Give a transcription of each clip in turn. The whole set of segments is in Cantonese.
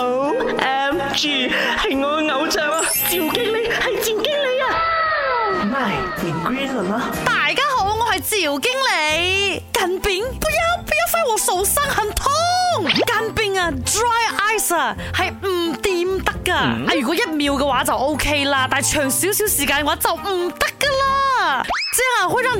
好，M G 係我嘅偶像啊，趙經理係趙經理啊，My m c q 啦，大家好，我係趙經理，乾冰，不要不要飛我手上，很痛，乾冰啊，dry ice 啊，係唔掂得噶，啊如果一秒嘅話就 OK 啦，但係長少少時間嘅話就唔得噶啦。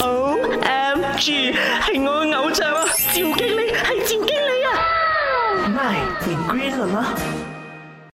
O M G，係我嘅偶像啊！趙經理係趙經理啊！My green 啦。